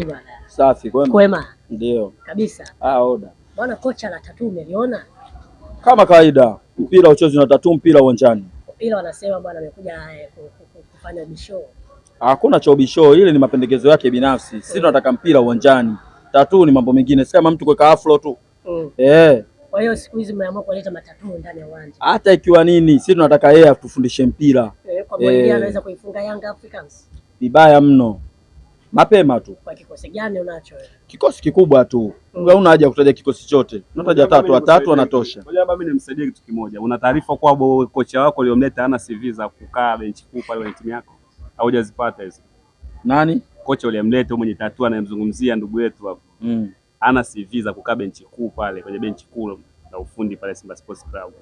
bwana. Safi kwema. Kwema. Ndio. Kabisa. Ah, oda. Bwana kocha la tatu umeliona? Kama kawaida, mpira uchozi na tatu mpira uwanjani. Ila wanasema bwana amekuja eh, kufanya bisho. Hakuna cha bisho, ile ni mapendekezo yake binafsi. Sisi tunataka mpira uwanjani. Tatu ni mambo mengine, si kama mtu kuweka afro tu. Mm. Eh. Kwa hiyo siku hizi mmeamua kuleta matatu ndani ya uwanja. Hata ikiwa nini, sisi tunataka yeye atufundishe mpira. Eh, kwa mwingine eh. anaweza kuifunga Young Africans. Vibaya mno mapema tu. Kwa kikosi gani unacho wewe? Kikosi kikubwa tu mm. Una haja kutaja kikosi chote, unataja tatu watatu wanatosha. Mimi nimsaidie kitu kimoja, una taarifa kwa kocha wako uliomleta ana CV za kukaa benchi kuu pale kwenye timu yako, haujazipata hizo? Nani kocha uliyemleta mwenye tatua anayemzungumzia ndugu yetu hapo mm. ana CV za kukaa benchi kuu pale kwenye benchi kuu la ufundi pale Simba Sports Club.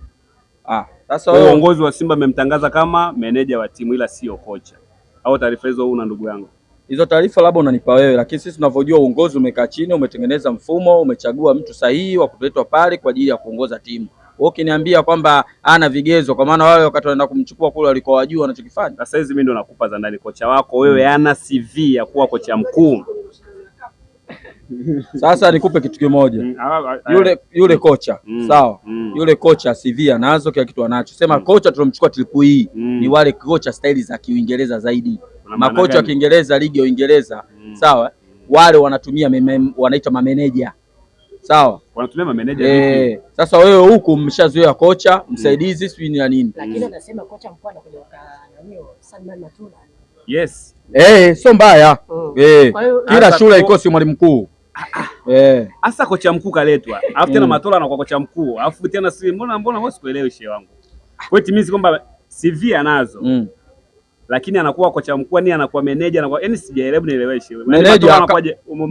Ah, sasa uongozi wa Simba amemtangaza kama meneja wa timu ila sio kocha, au taarifa hizo una ndugu yangu? hizo taarifa labda unanipa wewe, lakini sisi tunavyojua uongozi umekaa chini, umetengeneza mfumo, umechagua mtu sahihi wa kuletwa pale kwa ajili ya kuongoza timu. Ukiniambia kwamba ana vigezo, kwa maana wale wakati wanaenda kumchukua kule walikuwa wajua wanachokifanya. Sasa hizi mimi ndo nakupa za ndani, kocha wako wewe ana CV ya kuwa kocha mkuu. Sasa nikupe kitu kimoja, mm, ah, ah, ah. yule yule mm. kocha mm, sawa mm, yule kocha CV anazo, kila kitu anacho. Sema mm, kocha tunamchukua tripu hii e mm, ni wale kocha staili za Kiingereza zaidi makocha wa Kiingereza, ligi ya Uingereza mm. sawa wale wanatumia wanaitwa mameneja sawa, wanatumia mameneja e. Sasa wewe huku mshazoea kocha mm. msaidizi sijui na nini, lakini anasema kocha mkuu anakuja Salman Matula. Yes eh, sio mbaya mm. e. kila shule ikosi mwalimu mkuu ah, ah. Eh. hasa kocha mkuu kaletwa, alafu tena mm. Matola anakuwa kocha mkuu, alafu tena si mbona mbona, wewe sikuelewi shehe wangu, wewe timizi kwamba CV anazo mm lakini anakuwa kocha mkuu, ni anakuwa meneja, anakuwa yani, sijaelewa nieleweshe. Meneja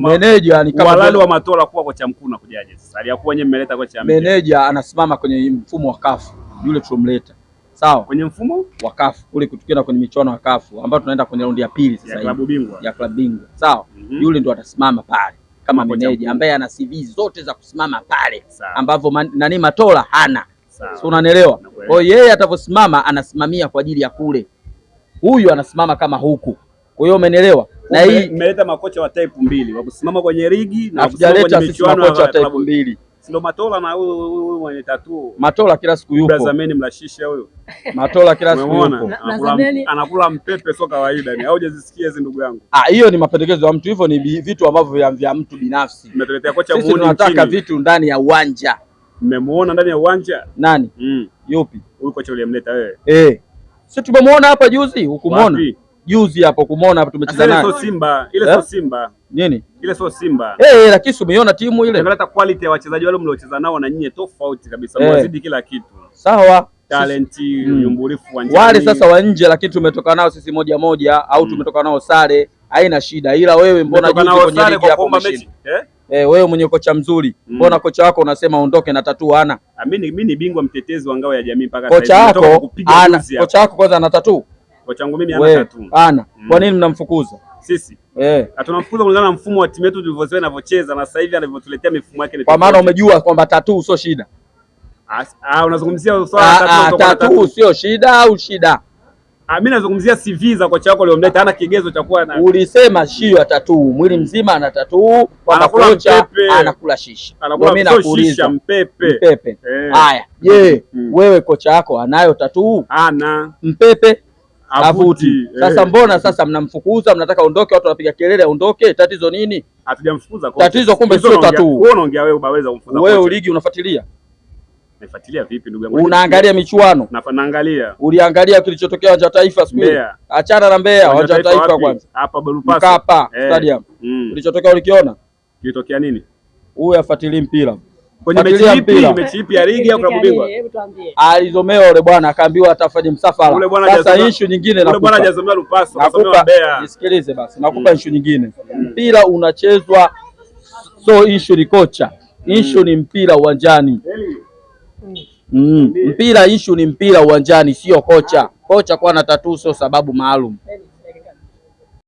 meneja ni kama halali wa Matola kuwa kocha mkuu, unakujaje sasa? Aliyakuwa nyenye mmeleta kocha mkuu Meneja anasimama kwenye mfumo wa kafu yule tulomleta, sawa, kwenye mfumo wa kafu ule, kutukienda kwenye michuano ya kafu ambayo tunaenda kwenye raundi ya pili sasa ya klabu bingwa ya klabu bingwa, sawa mm -hmm. Yule ndo atasimama pale kama meneja ambaye ana CV zote za kusimama pale ambavyo nani Matola hana, si unanielewa? Kwa hiyo yeye atavyosimama anasimamia kwa ajili ya kule huyu anasimama kama huku. Kwa hiyo umenielewa? Na hii mmeleta makocha wa type mbili wa kusimama kwenye ligi na kusimama kwenye makocha wa type mbili. Ndio Matola na huyu mwenye tatu. Matola kila siku yupo. Brazameni mlashisha huyo. Matola kila siku yupo. Anakula mpepe sio kawaida ni. Au jisikie hizi ndugu yangu. Ah, hiyo ni mapendekezo ya mtu hivyo ni vitu ambavyo vya vya mtu binafsi. Mmeteletea kocha Sisi tunataka vitu ndani ya uwanja. Mmemuona ndani ya uwanja? Nani? Mm. Yupi? Huyu kocha uliyemleta wewe. Eh. Sio tumemwona hapa juzi, hukumwona? Juzi hapo kumwona hapo tumecheza naye. Ile sio Simba, ile sio eh? Simba. Nini? Ile sio Simba. Eh, hey, eh, lakini si umeiona timu ile. Angalia quality ya wachezaji wale mliocheza nao na nyinyi tofauti kabisa. Hey. Eh. Mwazidi kila kitu. Sawa. Talent, unyumbulifu mm. wanjani. Wale sasa wa nje lakini tumetoka nao sisi moja moja au mm. tumetoka nao sare, haina shida. Ila wewe mbona juzi kwenye ligi hapo mechi? Eh? eh, wewe mwenye kocha mzuri mm. mbona mm. kocha wako unasema ondoke na tatuu ana? Ah, mimi ni bingwa mtetezi wa ngao ya jamii mpaka kocha wako ana, kocha wako kwanza ana tatuu? Kocha wangu mimi ana tatuu ana. Mm. Kwa nini mnamfukuza? Sisi eh, ah, tunamfukuza kulingana na mfumo wa timu yetu tulivyozoea inavyocheza na sasa hivi anavyotuletea mifumo yake. Kwa maana umejua kwamba tatuu sio shida. ah, ah Unazungumzia swala tatuu sio shida au shida Ah, mimi nazungumzia CV za kocha wako aliyomleta, hana kigezo cha kuwa na. Ulisema shio tatuu mwili mzima ana tatuu, kocha anakula shisha, mimi nakuuliza mpepe, mpepe. Eh. Haya, je, mm, mm. wewe kocha wako anayo tatuu? Ana. Mpepe avuti eh. sasa. Mbona sasa mnamfukuza, mnataka ondoke, watu wanapiga kelele ondoke Tatizo nini? Hatujamfukuza kocha, tatizo kumbe sio tatuu. Wewe ligi unafuatilia? Umefuatilia vipi ndugu yangu? Unaangalia michuano? Naangalia. Uliangalia kilichotokea cha taifa siku ile? Achana na Mbeya, wa taifa kwanza. Hapa Balupaso. Mkapa eh, stadium. Mm. Kilichotokea ulikiona? Kilitokea nini? Huyu afuatilii mpira. Kwenye mechi ipi? Mechi ipi ya ligi au klabu bingwa? Hebu Alizomewa yule bwana akaambiwa atafanya msafara. Sasa issue nyingine na bwana hajazomewa Lupaso, hajazomewa Mbeya. Nisikilize basi, nakupa mm. issue nyingine. Mm. Mpira unachezwa so issue ni kocha. Mm. Issue ni mpira uwanjani. Mm. Mpira ishu ni mpira uwanjani, sio kocha. Kocha kuwa na tatuu sio sababu maalum.